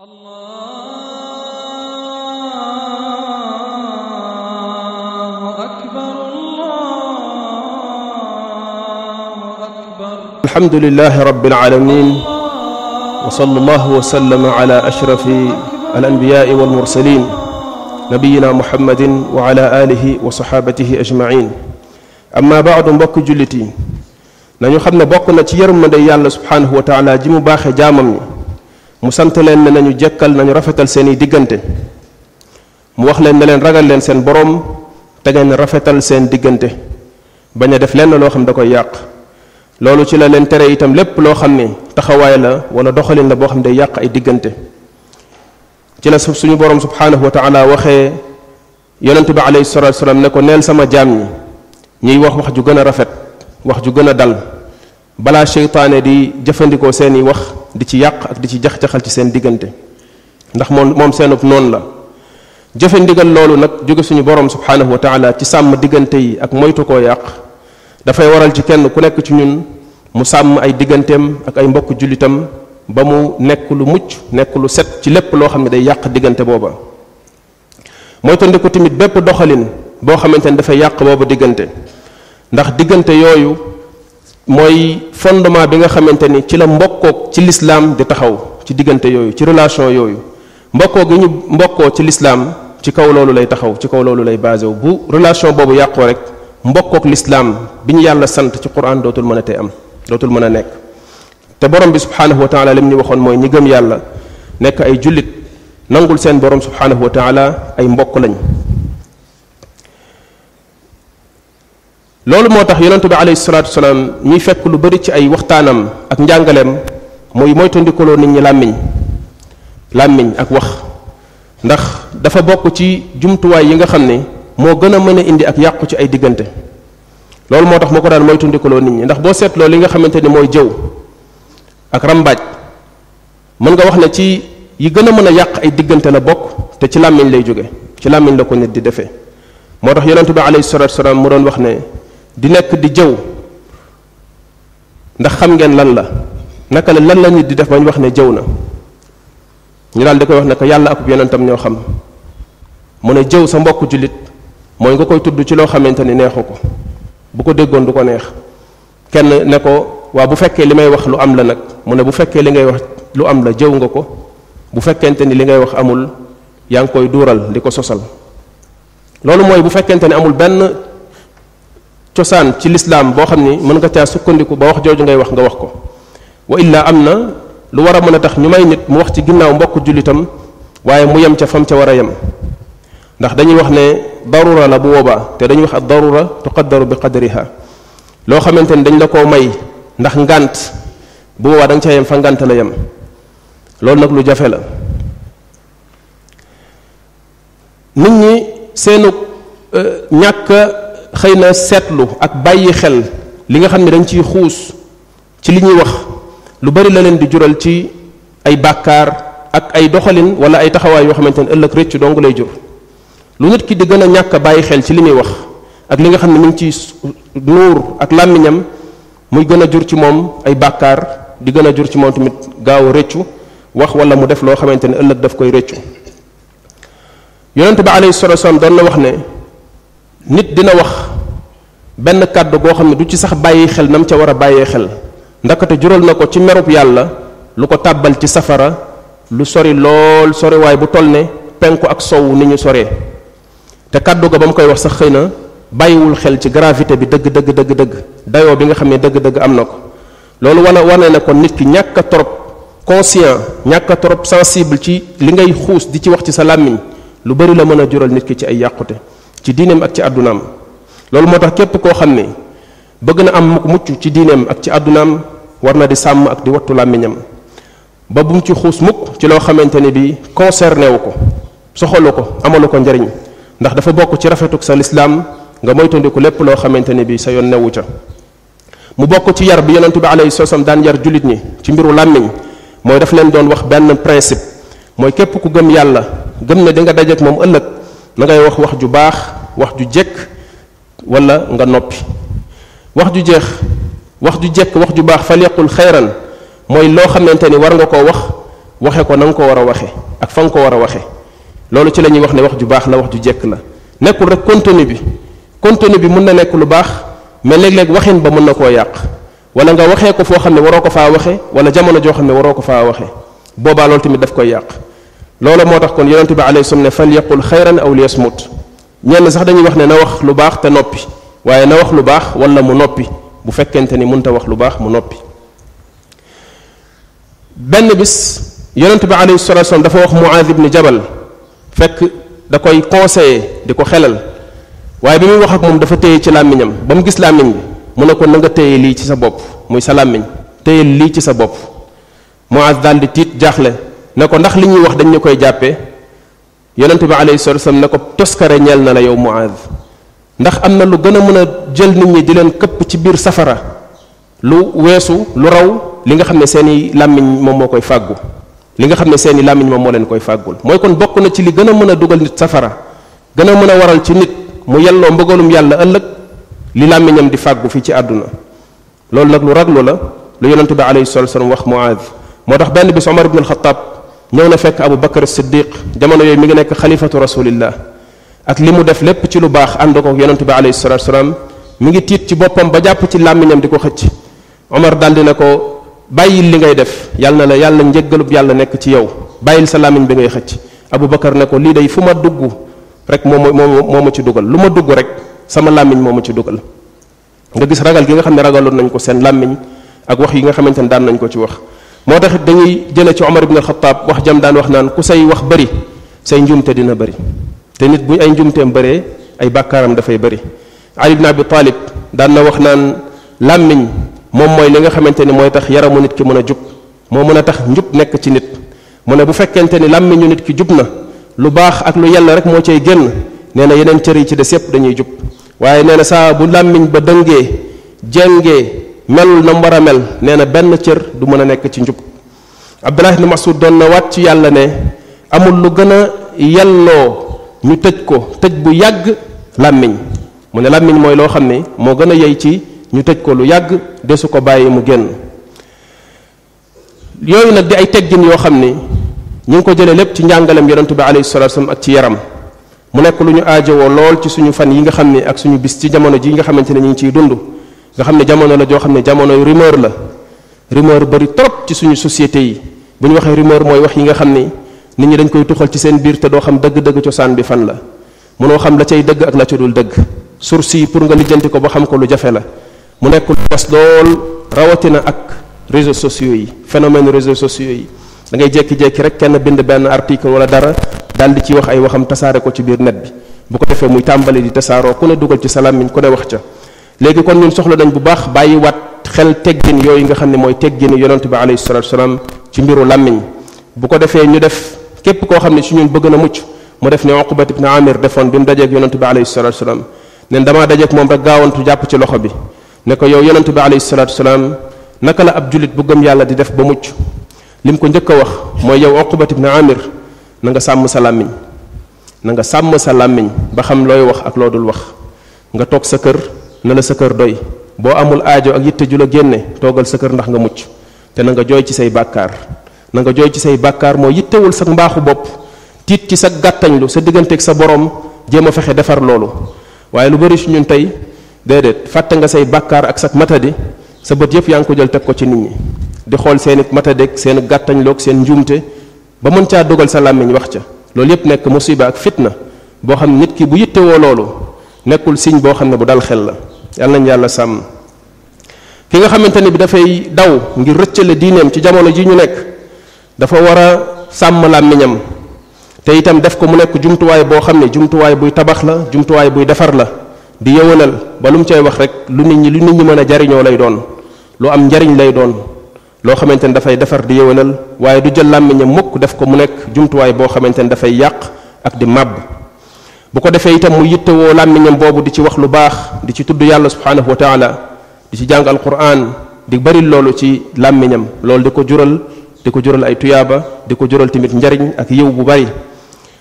الله أكبر الله أكبر الحمد لله رب العالمين وصلى الله وسلم على أشرف الأنبياء والمرسلين نبينا محمد وعلى آله وصحابته أجمعين أما بعد بك جلتي نحن nañu بقنا ne من na سبحانه وتعالى جمباخ جامم mu sant leen ne nañu jëkkal nañu rafetal seeni diggante mu wax leen ne leen ragal leen seen borom te ngeen rafetal seen diggante bañ a def lenn loo xam da koy yàq loolu ci la leen tere itam lépp loo xam ni taxawaay la wala doxalin la boo xam day yàq ay diggante ci la suñu borom subhanahu wa taala waxee yonente bi alayhi salatu salaam ne ko neel sama jaam ñi ñuy wax wax ju gën a rafet wax ju gën a dal bala cheytaane di jëfandikoo seen i wax di ci yàq ak di ci jax-jaxal ci seen diggante ndax moom moom seenub noonu la jëfe loolu nag jóge suñu borom subhanahu wa taala ci sàmm diggante yi ak moytu koo yàq dafay waral ci kenn ku nekk ci ñun mu sàmm ay digganteem ak ay mbokk jullitam ba mu nekk lu mucc nekk lu set ci lépp loo xam ne day yàq diggante booba moytandiku tamit bépp doxalin boo xamante ne dafay yàq booba diggante ndax diggante yooyu mooy fondement bi nga xamante ni ci la mbokkook ci lislaam di taxaw ci diggante yooyu ci relation yooyu mbokkoo gi ñu mbokkoo ci lislaam ci kaw loolu lay taxaw ci kaw loolu lay basé wu bu relation boobu yàqoo rek mbokkook lislaam bi ñu yàlla sant ci quran dootul mën a tey am dootul mën a nekk te borom bi subhaanahu wa taala lim ñu waxoon mooy ñi gëm yàlla nekk ay jullit nangul seen borom subhaanahu wa taala ay mbokk lañ loolu moo tax yonente bi alayhi salaatu wasalaam ñuy fekk lu bari ci ay waxtaanam ak njàngaleem mooy moytandikuloo nit ñi làmmiñ làmmiñ ak wax ndax dafa bokk ci jumtuwaay yi nga xam ne moo gën a mën a indi ak yàqu ci ay diggante loolu moo tax moo ko daan moytandikuloo nit ñi ndax boo seetloo li nga xamante ni mooy jëw ak rambaaj mën nga wax ne ci yi gën a mën a yàq ay diggante la bokk te ci làmmiñ lay jóge ci làmmiñ la ko nit di defee moo tax yonente bi alayhi salaatu wasalaam mu doon wax ne di nekk di jëw ndax xam ngeen lan la naka la lan la nit di def ba ñu wax ne jëw na ñu daal di koy wax ne ko yàlla ak yonentam ñoo xam mu ne jëw sa mbokk julit mooy nga koy tudd ci loo xamante ni neexu ko bu ko déggoon du ko neex kenn ne ko waa bu fekkee li may wax lu am la nag mu ne bu fekkee li ngay wax lu am la jëw nga ko bu fekkente ni li ngay wax amul yaa ngi koy duural di ko sosal loolu mooy bu fekkente ni amul benn cosaan ci lislaam boo xam ni mën nga caa sukkandiku ba wax jooju ngay wax nga wax ko wa illa am na lu war a mën a tax ñu may nit mu wax ci ginnaaw mbokk jullitam waaye mu yem ca fam ca war a yem ndax dañuy wax ne darura la bu boobaa te dañuy wax darura tuqaddaru bi qadriha loo xamante ni dañ la koo may ndax ngant bu boobaa da nga ca yem fa ngant la yem loolu nag lu jafe la nit ñi seenu ñàkk xëy na seetlu ak bàyyi xel li nga xam ne dañ ciy xuus ci li ñuy wax lu bari la leen di jural ci ay bàkkaar ak ay doxalin wala ay taxawaay yoo xamante ne ëllëg rëcc dong lay jur lu nit ki di gën a ñàkk a bàyyi xel ci li muy wax ak li nga xam ne mi ngi ci nuur ak làmmiñam muy gën a jur ci moom ay bàkkaar di gën a jur ci moom tamit gaaw a rëccu wax wala mu def loo xamante ne ëllëg daf koy rëccu yonent ba alayhi salaatu wa salaam doon na wax ne nit dina wax benn kàddu goo xam ne du ci sax bàyyi xel na ca war a bàyyee xel ndakate jural na ko ci merub yàlla lu ko tàbbal ci safara lu sori lool soriwaay bu toll ne penku ak sowu ni ñu soree te kàddu ga ba mu koy wax sax xëy na bàyyiwul xel ci gravité bi dëgg dëgg dëgg dëgg dayoo bi nga xam ne dëgg-dëgg am na ko loolu wane wane na ko nit ki ñàkk a trop conscient ñàkk a trop ci li ngay xuus di ci wax ci sa làmmiñ lu bari la mën a jural nit ki ci ay yàqute ci diineem ak ci àddunaam loolu moo tax képp koo xam ne bëgg na am mucc ci diineem ak ci àddunaam war na di sàmm ak di wattu làmmiñam ba bu mu ci xuus mukk ci loo xamante ne bi concerné wu ko soxalu ko amalu ko njariñ ndax dafa bokk ci rafetuk sa lislaam nga moytandiku lépp loo xamante ne bi sa yoon newu ca mu bokk ci yar bi yonent bi alayhi salaam daan yar jullit ñi ci mbiru làmmiñ mooy daf leen doon wax benn principe mooy képp ku gëm yàlla gëm ne di nga dajeek moom na ngay wax wax ju baax wax ju jekk wala nga noppi wax ju jeex wax ju jekk wax ju baax fal yaqul xayran mooy loo xamante ni war nga koo wax waxe ko na nga ko war a waxe ak fa nga ko war a waxe loolu ci la ñuy wax ne wax ju baax la wax ju jekk la nekkul rek contenu bi contenu bi mun na nekk lu baax mais léeg-léeg waxin ba mun na koo yàq wala nga waxee ko foo xam ne waroo ko faa waxe wala jamono joo xam ne waroo ko faa waxe boobaa loolu tamit daf koy yàq loola moo tax kon yonente bi alayhi salaam ne fal yaqul xayran aw liyasmut ñenn sax dañuy wax ne na wax lu baax te noppi waaye na wax lu baax wala mu noppi bu fekkente ni munta wax lu baax mu noppi benn bis yonente bi alayhi salatu dafa wax muad ibn jabal fekk da koy conseiller di ko xelal waaye bi muy wax ak moom dafa téye ci làmmiñam ba mu gis làmmiñ bi mu ne ko na nga téye lii ci sa bopp muy sa làmmiñ téye lii ci sa bopp muad daal di tiit jaaxle ne ko ndax li ñuy wax dañ ñu koy jàppee yonente bi alayhi salatu wasallam ne ko toskare ñeel na la yow muad ndax am na lu gën a mën a jël nit ñi di leen këpp ci biir safara lu weesu lu raw li nga xam ne seen i làmmiñ moom moo koy fàggu li nga xam ne seen i làmmiñ moom moo leen koy fàggul mooy kon bokk na ci li gën a mën a dugal nit safara gën a mën a waral ci nit mu yelloo mbëgalum yàlla ëllëg li làmmiñam di fàggu fii ci àdduna loolu nag lu raglu la lu yonente bi alayhi salatu wasallam wax muad moo tax benn bis omar ibn alxataab ñëw na fekk abu bakar siddiq jamono yooyu mi ngi nekk xalifatu rasulillah ak li mu def lépp ci lu baax ànd ko yonentu bi alayhi salatu salaam mi ngi tiit ci boppam ba jàpp ci làmmiñam di ko xëcc omar daldi na ko bàyyil li ngay def yàlla na la yàlla njëggalub yàlla nekk ci yow bàyyil sa làmmiñ bi ngay xëcc abu bakar ne ko lii day fu ma dugg rek moo moo moo ma ci dugal lu ma dugg rek sama làmmiñ moo ma ci dugal nga gis ragal gi nga xam ne ragaloon nañ ko seen làmmiñ ak wax yi nga xamante ne daan nañ ko ci wax moo tax dañuy jële ci Omar ibn al-Khattab wax jam daan wax naan ku say wax bëri say njumte dina bëri te nit bu ay njumteem bëree ay bàkkaaram dafay bëri Ali ibn Abi Talib daan na wax naan làmmiñ moom mooy li nga xamante ni mooy tax yaramu nit ki mën a jub moo mën a tax njub nekk ci nit mu ne bu fekkente ni làmmiñu nit ki jub na lu baax ak lu yàlla rek moo cay génn nee na yeneen cër yi ci des yépp dañuy jub waaye nee na saa bu làmmiñ ba dëngee jéngee melul na mbaramel nee na benn cër du mën a nekk ci njub Abdullah ibn Mas'ud doon na waat ci yàlla ne amul lu gën a yelloo ñu tëj ko tëj bu yàgg làmmiñ mu ne làmmiñ mooy loo xam ne moo gën a yey ci ñu tëj ko lu yàgg desu ko bàyyi mu génn yooyu nag di ay teggin yoo xam ni ñu ngi ko jëlee lépp ci njàngalem yonentu bi alayhi salatu wasallam ak ci yaram mu nekk lu ñu aajowoo lool ci suñu fan yi nga xam ne ak suñu bis ci jamono ji nga xamante ne ñu ngi ciy dund nga xam ne jamono la joo xam ne jamonoy rumeur la rumeur bari trop ci suñu société yi bu ñu waxee rumeur mooy wax yi nga xam ni nit ñi dañ koy tuxal ci seen biir te doo xam dëgg-dëgg cosaan bi fan la mënoo xam la cay dëgg ak la ca dul dëgg source yi pour nga lijjanti ko ba xam ko lu jafe la mu nekk lu des lool rawatina ak réseaux sociaux yi phénomène réseaux sociaux yi da ngay jékki-jékki rek kenn bind benn article wala dara daal di ci wax ay waxam tasaare ko ci biir net bi bu ko defee muy tàmbali di tasaaroo ku ne dugal ci salaam miñ ku ne wax ca legi kon ñun soxla dañ bu baax bàyyi wat xel teggin yooyu nga xam ne mooy teggini yonente bi alayhi salatu wasalaam ci mbiru làmmiñ bu ko defee ñu def képp koo xam ne si ñun bëgg na mucc mu def ne uqbat ibn amir defoon bi mu ak yonente bi alayhi salatu wasalaam ne dama damaa ak moom rek gaawantu jàpp ci loxo bi ne ko yow yonente bi alayhi salatu wasalaam naka la ab julit bu gëm yàlla di def ba mucc lim ko njëkk a wax mooy yow uqbat ibn amir na nga sàmm sa làmmiñ na nga sàmm sa làmmiñ ba xam looy wax ak loo dul wax nga toog sa kër na la sa doy boo amul aajo ak yitte ju la génne toogal sa kër ndax nga mucc te na nga jooy ci say bàkkaar na nga jooy ci say bàkkaar moo yittewul sa mbaaxu bopp tiit ci sa gàttañlu sa digganteeg sa borom jéem a fexe defar loolu waaye lu bëri si ñun tey déedéet fàtte nga say bàkkaar ak sa matadi sa bët yëpp yaa ngi ko jël teg ko ci nit ñi di xool seen matadeg seen gàttañloog seen njuumte ba mën caa dogal sa làmmiñ wax ca loolu yëpp nekk musiba ak fitna boo xam nit ki bu yittewoo loolu nekkul signe boo xam ne bu dal xel la yàlla nañ yàlla sàmm ki nga xamante ni bi dafay daw ngir rëccale diineem ci jamono ji ñu nekk dafa war a sàmm làmmiñam te itam def ko mu nekk jumtuwaay boo xam ne jumtuwaay buy tabax la jumtuwaay buy defar la di yëwanal ba lu mu cay wax rek lu nit ñi lu nit ñi mën a jariñoo lay doon lu am njariñ lay doon loo xamante ni dafay defar di yëwanal waaye du jël làmmiñam mukk def ko mu nekk jumtuwaay boo xamante ni dafay yàq ak di màbb bu ko defee itam mu yittewoo làmmiñam boobu di ci wax lu baax di ci tudd yàlla subhanahu wa taala di ci jàng alquran di bari loolu ci làmmiñam loolu di ko jural di ko jural ay tuyaaba di ko jural tamit njariñ ak yiw bu bari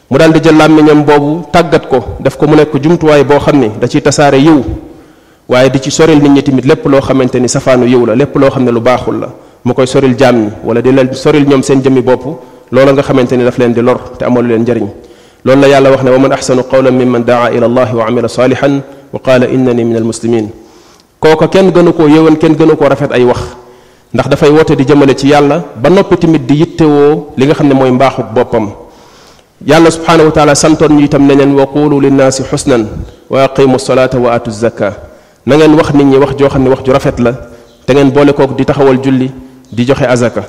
mu daal di jël làmmiñam boobu tàggat ko def ko mu nekk jumtuwaay boo xam ni da ci tasaare yiw waaye di ci soril nit ñi tamit lépp loo xamante ni safaanu yiw la lépp loo xam ne lu baaxul la mu koy soril jaam ñi wala di soril ñoom seen jëmmi bopp loola nga xamante ni daf leen di lor te amalu leen njariñ loolu la yàlla wax ne wa man axsanu qawlan mimman daa ila allahi wa amila salihan wa qaala innani min almuslimin kooka kenn gënu koo yëwan kenn gënu koo rafet ay wax ndax dafay wote di jëmale ci yàlla ba noppi tamit di yittewoo li nga xam ne mooy mbaaxuk boppam yàlla subhanahu wa taala santoon ñu itam ne wa qulu linnaasi xusnan wa aqimu salata wa atu zaka na ngeen wax nit ñi wax joo xam ne wax ju rafet la te ngeen boole kook di taxawal julli di joxe azaka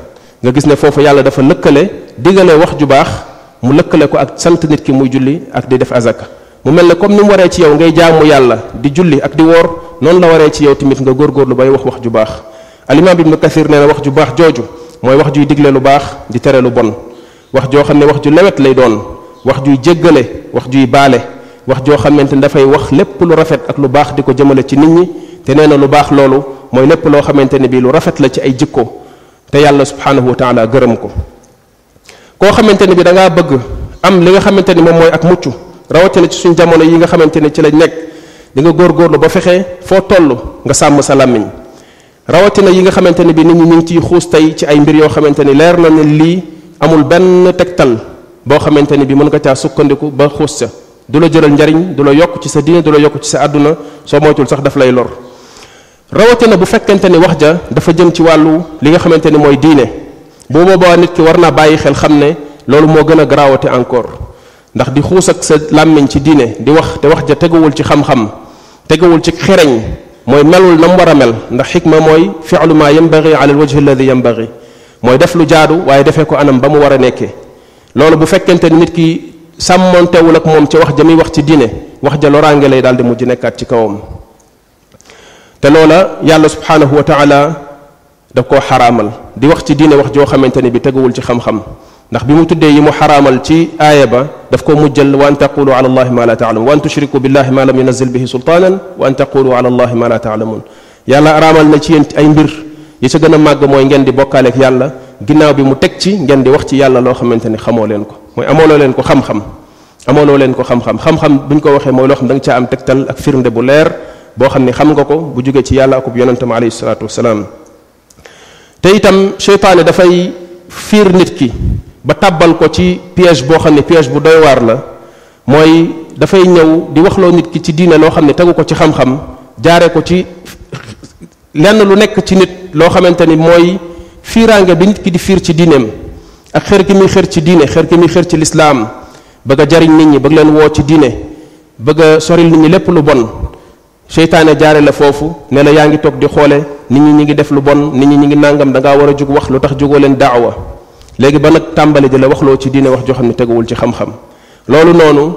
nga gis ne foofu yàlla dafa lëkkale digale wax ju baax mu lëkkale ko ak sant nit ki muy julli ak di def azaka mu mel ne comme ni mu waree ci yow ngay jaamu yàlla di julli ak di woor noonu la waree ci yow tamit nga góorgóorlu bay wax wax ju baax alimam ibnu kathir nee na wax ju baax jooju mooy wax juy digle lu baax di tere lu bon wax joo xam ne wax ju lewet lay doon wax juy jéggale wax juy baale wax joo xamante ni dafay wax lépp lu rafet ak lu baax di ko jëmale ci nit ñi te nee na lu baax loolu mooy lépp loo xamante ne bii lu rafet la ci ay jikko te yàlla subhanahu wa taala gërëm ko koo xamante ni bi da ngaa bëgg am li nga xamante ni moom mooy ak mucc rawatina ci suñu jamono yi nga xamante ni ci lañ nekk di nga góorgóorlu ba fexe foo toll nga sàmm sa làmmiñ rawatina yi nga xamante ni bi nit ñi ñu ngi ciy xuus tey ci ay mbir yoo xamante ni leer na ne lii amul benn tegtal boo xamante ni bi mën nga caa sukkandiku ba xuus sa du la jëral njariñ du la yokk ci sa diine du la yokk ci sa àdduna soo moytul sax daf lay lor rawatina bu fekkente ni wax ja dafa jëm ci wàllu li nga xamante ni mooy diine bu boobaa nit ki warna bàyyi xel xamne ne mo moo grawati encore ndax di xuus ak sa làmmiñ ci diine di wax te wax ja teguwul ci xam-xam teguwul ci xereñ moy melul nam war mel ndax hikma moy fi'lu ma yanbaghi ala alwajhi alladhi yanbaghi moy def lu jaadu waye defee ko anam bamu wara nekké a bu fekkente ni nit ki sàmmontewul ak mom ci wax ja wax ci diine wax ja lorangé lay daal di mujj nekkat ci kawam te lola yàlla subhanahu wa taala da ko haramal di wax ci diine wax joo xamante ni bi teguwul ci xam-xam ndax bi mu tuddee yi mu xaraamal ci aaya ba daf ko mujjal wa an taqulu ala allahi ma la taalamun wa an tushriku billahi ma lam yunazil bihi sultanan wa an taqulu ala allahi ma la ta'lamun yàlla aramal na ci ay mbir yi ci gëna mag moy ngeen di ak yàlla ginaaw bi mu tek ci ngeen di wax ci yàlla lo xamante ni xamoo leen ko moy amooloo leen ko xam-xam amooloo leen ko xam-xam xam-xam buñ ko waxee moy lo xam da nga caa am tektal ak firnde bu leer boo xam ni xam nga ko bu jógee ci yàlla akub yonentam alayhi salatu wasalaam te itam seytaane dafay fiir nit ki ba tàbbal ko ci piège boo xam ne piège bu doy waar la mooy dafay ñëw di waxloo nit ki ci diine loo xam ne tegu ko ci xam-xam jaare ko ci lenn lu nekk ci nit loo xamante ni mooy fiiraange bi nit ki di fiir ci diineem ak xër gi muy xër ci diine xër gi muy xër ci lislaam bëgg a jariñ nit ñi bëgg leen woo ci diine bëgg soril nit ñi lépp lu bon seytaane jaare la foofu ne la yaa ngi toog di xoole nit ñi ñi ngi def lu bon nit ñi ñi ngi nàngam da war a jug wax lu tax jógoo leen daawa léegi ba nag tàmbali di la wax loo ci diine wax joo xam ne teguwul ci xam-xam loolu noonu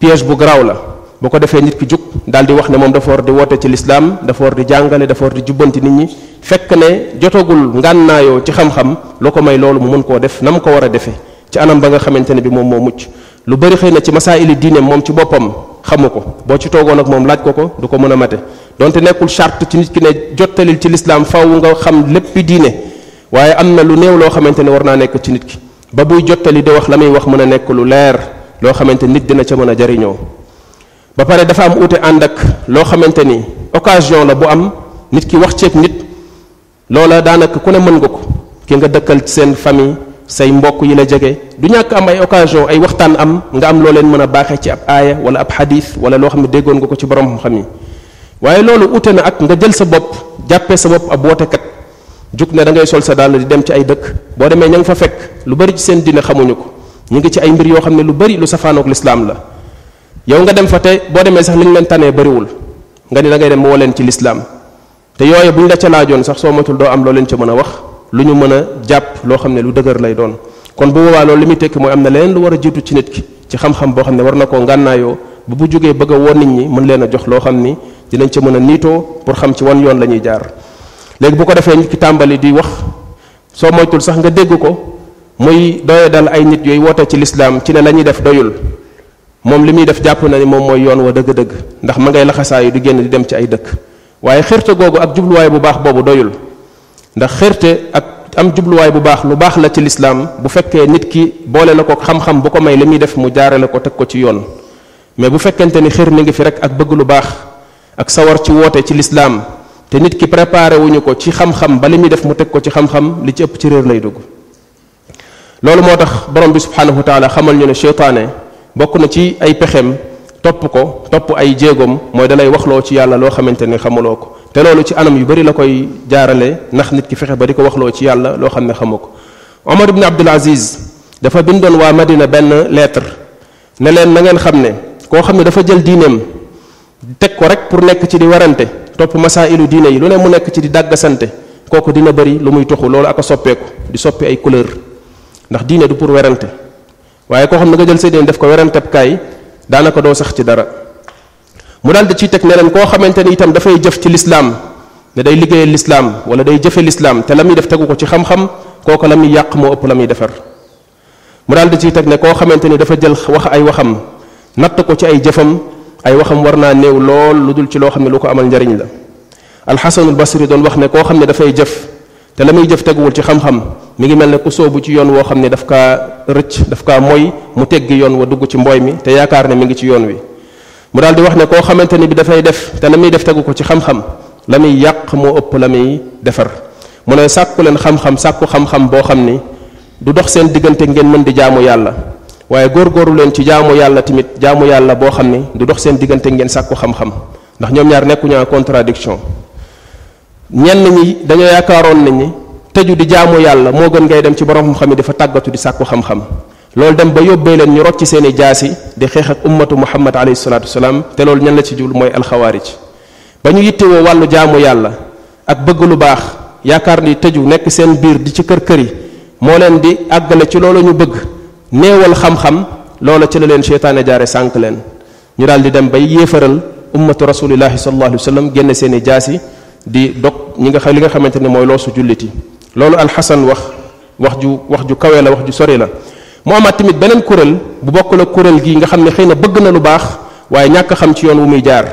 piège bu garaaw la bu ko defee nit ki jug daal di wax ne moom dafa war di woote ci lislaam dafa war di jàngale dafa war di jubbanti nit ñi fekk ne jotagul ngànnaayoo ci xam-xam lu ko may loolu mu mën koo def na ko war a defee ci anam ba nga xamante ne bi moom moo mucc lu bari xëy na ci masaa'ili diine moom ci boppam xamu ko boo ci toogoon ak moom laaj ko ko du ko mën a mate donte nekkul charte ci nit ki ne jottalil ci lislaam faw nga xam léppi diine waaye am na lu néew loo xamante ne war naa nekk ci nit ki ba buy jottali di wax la muy wax mën a nekk lu leer loo xamante nit dina ca mën a jariñoo ba pare dafa am uute ànd ak loo xamante ni occasion la bu am nit ki wax ceeg nit loola daanaka ku ne mën nga ko ki nga dëkkal ci seen famille say mbokk yi la jege du ñàkk am ay occasion ay waxtaan am nga am loo leen mën a baaxee ci ab aaya wala ab hadith wala loo xam ne déggoon nga ko ci borom xam yi waaye loolu ute na ak nga jël sa bopp jàppee sa bopp ab wootekat juk ne da ngay sol sa dàll di dem ci ay dëkk boo demee ña nga fa fekk lu bari ci seen dina xamuñu ko ñu ngi ci ay mbir yoo xam ne lu bari lu safaanoog lislaam la yow nga dem fa te boo demee sax liñ leen tanee bariwul nga ni da ngay dem woo leen ci lislaam te yooyu buñ la ca laajoon sax soo matul doo am loo leen ca mën a wax lu ñu mën a jàpp loo xam ne lu dëgër lay doon kon bu boobaa loolu li muy tekki mooy am na leneen lu war a jiitu ci nit ki ci xam-xam boo xam ne war na koo ngànnaayoo ba bu jógee bëgg a woon nit ñi mën leen a jox loo xam ni dinañ ci mën a niitoo pour xam ci wan yoon la ñuy jaar léegi bu ko defee nit ki tàmbali di wax soo moytul sax nga dégg ko muy doye dal ay nit yooyu woote ci lislaam ci ne la ñuy def doyul moom li muy def jàpp na ni moom mooy yoon wa dëgg-dëgg ndax ma ngay laxasaayu di génn di dem ci ay dëkk waaye xirte googu ak jubluwaay bu baax boobu doyul ndax xërte ak am jubluwaay bu baax lu baax la ci lislaam bu fekkee nit ki boole na ko xam-xam bu ko may li muy def mu jaarale ko teg ko ci yoon mais bu fekkente ni xër mi ngi fi rek ak bëgg lu baax ak sawar ci woote ci lislaam te nit ki préparé wuñu ko ci xam-xam ba li muy def mu teg ko ci xam-xam li ci ëpp ci réer lay dugg loolu moo tax borom bi subhanahu wa taala xamal ñu ne cheytaane bokk na ci ay pexem topp ko topp ay jéegoom mooy dalay waxloo ci yàlla loo xamante ni xamuloo ko te loolu ci anam yu bari la koy jaarale ndax nit ki fexe ba di ko waxloo ci yàlla loo xam ne xamu ko omar ibn abdul aziz dafa bindoon waa madina benn lettre ne leen na ngeen xam ne koo xam ne dafa jël diineem teg ko rek pour nekk ci di warante topp masailu diine yi lu ne mu nekk ci di dàggasante kooku dina bari lu muy toxu loolu ak a soppeeku di soppi ay couleur ndax diine du pour werante waaye koo xam ne nga jël sa diine def ko werante kaay daanaka doo sax ci dara mu daal da ciy teg ne leen koo xamante ni itam jëf ci l'islam da day liggéeyal l'islam wala day jëfe l'islam te la muy def tegu ci xam-xam koko la muy yàq moo ëpp la muy defar mu dal da ciy teg ne koo xamante ni dafa jël wax ay waxam natt ko ci ay jëfam ay waxam war naa néew lool lu dul ci loo xam ne lu ko amal njariñ la alxasanul basri doon wax ne koo xam ne dafay jëf te la muy jëf teguwul ci xam-xam mi ngi mel ne ku soobu ci yoon woo xam ne daf kaa rëcc daf kaa moy mu teggi yoon wa dugg ci mbooy mi te yaakaar ne mi ngi ci yoon wi mu daal di wax ne koo xamante ni bi dafay def te def tegu ko ci xam-xam la muy yàq moo ëpp defar mu ne sàkku sakku xam-xam sàkku xam-xam boo xam ni du dox seen diggante ngeen mën di jaamu yàlla waaye góorgóoru leen ci jaamu yàlla tamit jaamu yàlla boo xam ni du dox seen diggante ngeen sàkku xam-xam ndax ñoom ñaar nekkuñu en contradiction ñi yaakaaroon di jaamu yalla moo gën ngay dem ci borom xam-xam yi dafa di sakku xam-xam lol dem ba yobbe len ñu rocc seeni jaasi di xex ak ummatu muhammad alayhi salatu wasalam te lol ñan la ci jul moy al khawarij ba ñu wo walu jaamu yàlla ak bëgg lu baax yaakar ni tëju nek seen biir di ci kër kër yi mo len di agale ci loolu ñu bëgg néewal xam-xam loola ci la len sheytane jaare sank len ñu dal di dem bay yéefaral ummatu rasulillah sallallahu alayhi wa genn seeni jaasi di dok ñi nga xam li nga xamante ne mooy loosu julliti al hasan wax wax ju wax ju kawe la wax ju sori la mu amaat tamit beneen kuréel bu bokkul ak kuréel gi nga xam ne xëy na bëgg na lu baax waaye ñàkk xam ci yoon wu muy jaar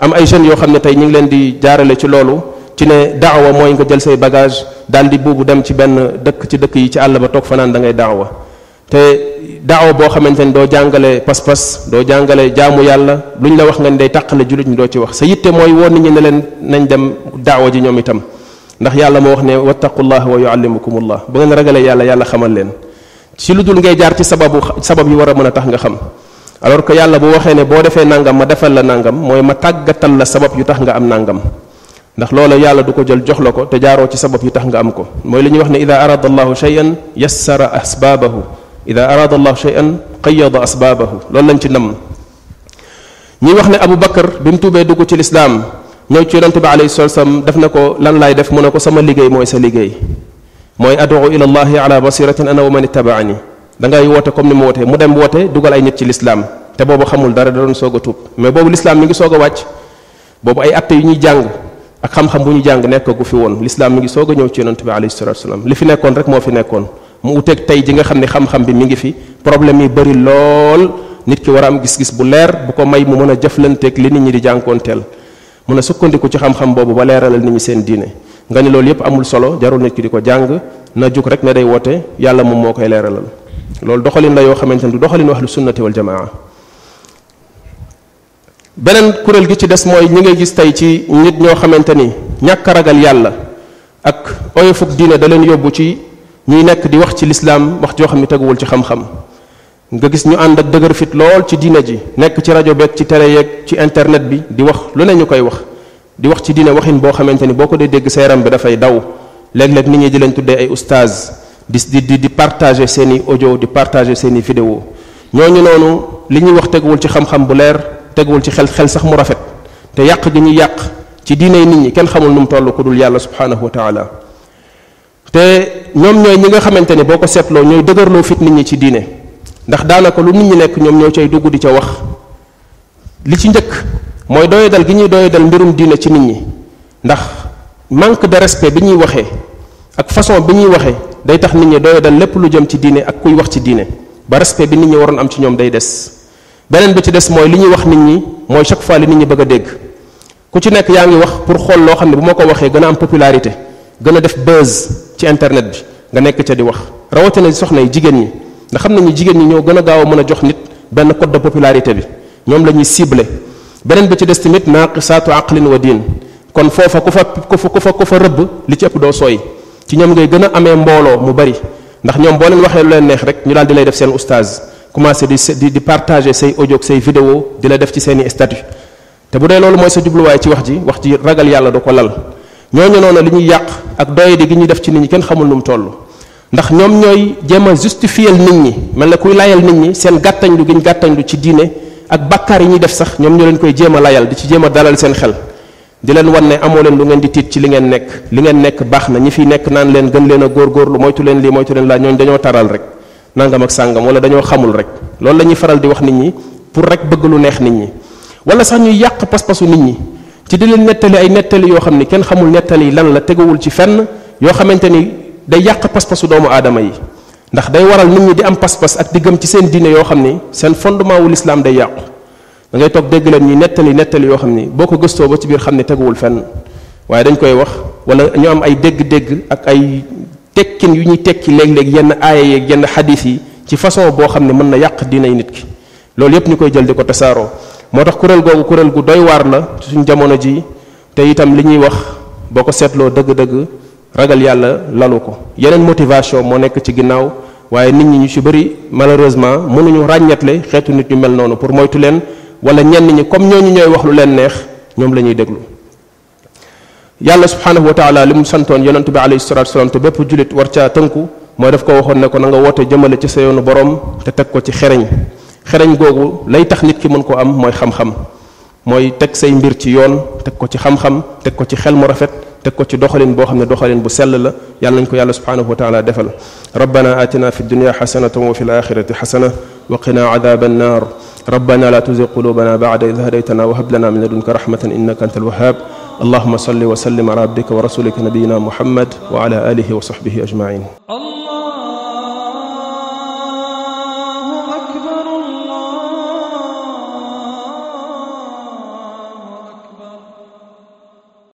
am ay jeunes yoo xam ne tey ñu ngi leen di jaarale ci loolu ci ne daawa mooy nga jël say bagage daal di buubu dem ci benn dëkk ci dëkk yi ci àll ba toog fanaan da ngay daawa te daawa boo xamante ni doo jàngale pas-pas doo jàngale jaamu yàlla luñ la wax nga ni day tàqale julit ñu doo ci wax sa yitte mooy woo nit ñi ne leen nañ dem daawa ji ñoom itam ndax yàlla moo wax ne wattaqullaha wa yuallimukumullah bu ngeen ragalee yàlla yàlla xamal leen ci lu dul ngay jaar ci sababu sabab yi war a mën a tax nga xam alors que yàlla bu waxee ne boo defee nangam ma defal la nangam mooy ma tàggatal la sabab yu tax nga am nangam ndax loola yàlla du ko jël jox la ko te jaaroo ci sabab yu tax nga am ko mooy li ñuy wax ne ida arada allahu shayan yassara asbabahu ida arada allahu shayan qayada asbabahu loolu lañ ci nam ñi wax ne abou bakar bi mu tuubee dugg ci lislaam ñëw ci yonente bi alayhi salatu def na ko lan laay def mu ne ko sama liggéey mooy sa liggéey moy ad'u ila allah ala basiratin ana wa man ittabaani da ngay wote comme ni mu wootee mu dem wote dugal ay nit ci l'islam te bobu xamul dara da don soog tup mais bobu l'islam mi ngi soog wàcc bobu ay atay yu ñuy jàng ak xam-xam bu ñu jàng nek gu fi won l'islam mi ngi soog ñëw ci yonent bi alayhi salatu wasalaam li fi nekkon rek mo fi nekkon mu utek tay ji nga xamni xam-xam bi mi ngi fi problème yi bari lol nit ki wara am gis-gis bu leer bu ko may mu meuna jëflante ak li nit ñi di jankontel mën sukkandiku ci xam-xam bobu ba leralal nit ñi seen diine nga ni loolu yëpp amul solo jarul nit ki di ko jàng na jug rek ne day woote yàlla moom moo koy leeralal loolu doxalin la yoo xamante ne du doxalin ahlu sunnati wal jamaa beneen kuréel gi ci des mooy ñi ngay gis tey ci nit ñoo xamante ni ñàkk ragal yàlla ak oyofug diine da yóbbu ci ñuy nekk di wax ci lislaam wax joo xam ne teguwul ci xam-xam nga gis ñu ànd ak dëgër fit lool ci diine ji nekk ci rajo beek ci télé yeeg ci internet bi di wax lu ne ñu koy wax di wax ci dina waxin boo xamante ni boo ko dee dégg seeram bi dafay daw léeg-léeg nit ñi di leen tuddee ay oustaz di di di partager seen i audio di partager seen i vidéo ñooñu noonu li ñuy wax teguwul ci xam-xam bu leer teguwul ci xel xel sax mu rafet te yàq gi ñu yàq ci diine nit ñi kenn xamul nu mu toll ku dul yàlla subhanahu wa taala te ñoom ñooy ñi nga xamante ni boo ko seetloo ñooy dëgërloo fit nit ñi ci diine ndax daanaka lu nit ñi nekk ñoom ñoo cay dugg di ca wax li ci njëkk mooy doyadal gi ñuy doyadal mbirum diine ci nit ñi ndax manque de respect bi ñuy waxee ak façon bi ñuy waxee day tax nit ñi doyadal lépp lu jëm ci diine ak kuy wax ci diine ba respect bi nit ñi waroon am ci ñoom day des beneen bi ci des mooy li ñuy wax nit ñi mooy chaque fois li nit ñi bëgg a dégg ku ci nekk yaa ngi wax pour xool loo xam ne bu ma ko waxee gën a am popularité gën a def buzz ci internet bi nga nekk ca di wax rawatina soxna yi jigéen ñi ndax xam nañu jigéen ñi ñoo gën a gaaw mën a jox nit benn code de popularité bi ñoom la ñuy ciblé beneen bi ci des tamit naaqisaatu aqlin wa diin kon foofa ku fa ku fa ku fa ku fa rëbb li ci ëpp doo sooy ci ñoom ngay gën a amee mbooloo mu bari ndax ñoom boo leen waxee lu leen neex rek ñu daal di lay def seen oustaz commencé di di partager say audio say vidéo di la def ci seeni statut te bu dee loolu mooy sa jubluwaay ci wax ji wax ji ragal yàlla du ko lal ñooñu noonu li ñuy yàq ak doyadi gi ñuy def ci nit ñi kenn xamul nu mu toll ndax ñoom ñooy jéem a justifier nit ñi mel ne kuy layal nit ñi seen gàttañlu gi ñu gàttañlu ci diine ak bàkkaar yi ñuy def sax ñoom ñu leen koy jéem a layal di ci jéem a dalal seen xel di leen wan ne amoo leen lu ngeen di tiit ci li ngeen nekk li ngeen nekk baax na ñi fi nekk naan leen gën leen a góorgóorlu moytu leen lii moytu leen laa ñooñ dañoo taral rek nangam ak sàngam wala dañoo xamul rek loolu lañuy faral di wax nit ñi pour rek bëgg lu neex nit ñi wala sax ñuy yàq pas-pasu nit ñi ci di leen nettali ay nettali yoo xam ni kenn xamul nettali lan la teguwul ci fenn yoo xamante ni day yàq pas-pasu doomu aadama yi ndax day waral nit ñi di am pas-pas ak di gëm ci seen diine yoo xam ni seen fondement wu lislaam day yàqu da ngay toog dégg leen ñuy nettali nettali yoo xam ni boo ko gëstoo ba ci biir xam ne teguwul fenn waaye dañ koy wax wala ñu am ay dégg-dégg ak ay tekkin yu ñuy tekki léeg-léeg yenn aaya yeeg yenn xadis yi ci façon boo xam ne mën na yàq diinay nit ki loolu yépp ñu koy jël di ko tasaaroo moo tax kuréel googu kuréel gu doy waar la suñ jamono ji te itam li ñuy wax boo ko seetloo dëgg-dëgg ragal yàlla lalu ko yeneen motivation moo nekk ci ginnaaw waaye nit ñi ñu ci bëri malheureusement mënuñu ràññatle xeetu nit ñu mel noonu pour moytu leen wala ñenn ñi comme ñooñu ñooy wax lu leen neex ñoom la ñuy déglu yàlla subhanahu wa taala li mu santoon yonent bi alayhi salatu wasalaam te bépp jullit war caa tënku mooy daf ko waxoon ne ko na nga woote jëmale ci sa yoonu borom te teg ko ci xereñ xereñ googu lay tax nit ki mën koo am mooy xam-xam mooy teg say mbir ci yoon teg ko ci xam teg ko ci xel mu rafet تك كو دوخالين بو خامني دوخالين بو سل لا يالا نكو يالا سبحانه وتعالى دفل ربنا آتنا في الدنيا حسنة وفي الآخرة حسنة وقنا عذاب النار ربنا لا تزغ قلوبنا بعد إذ هديتنا وهب لنا من لدنك رحمة إنك أنت الوهاب اللهم صل وسلم على عبدك ورسولك نبينا محمد وعلى آله وصحبه أجمعين الله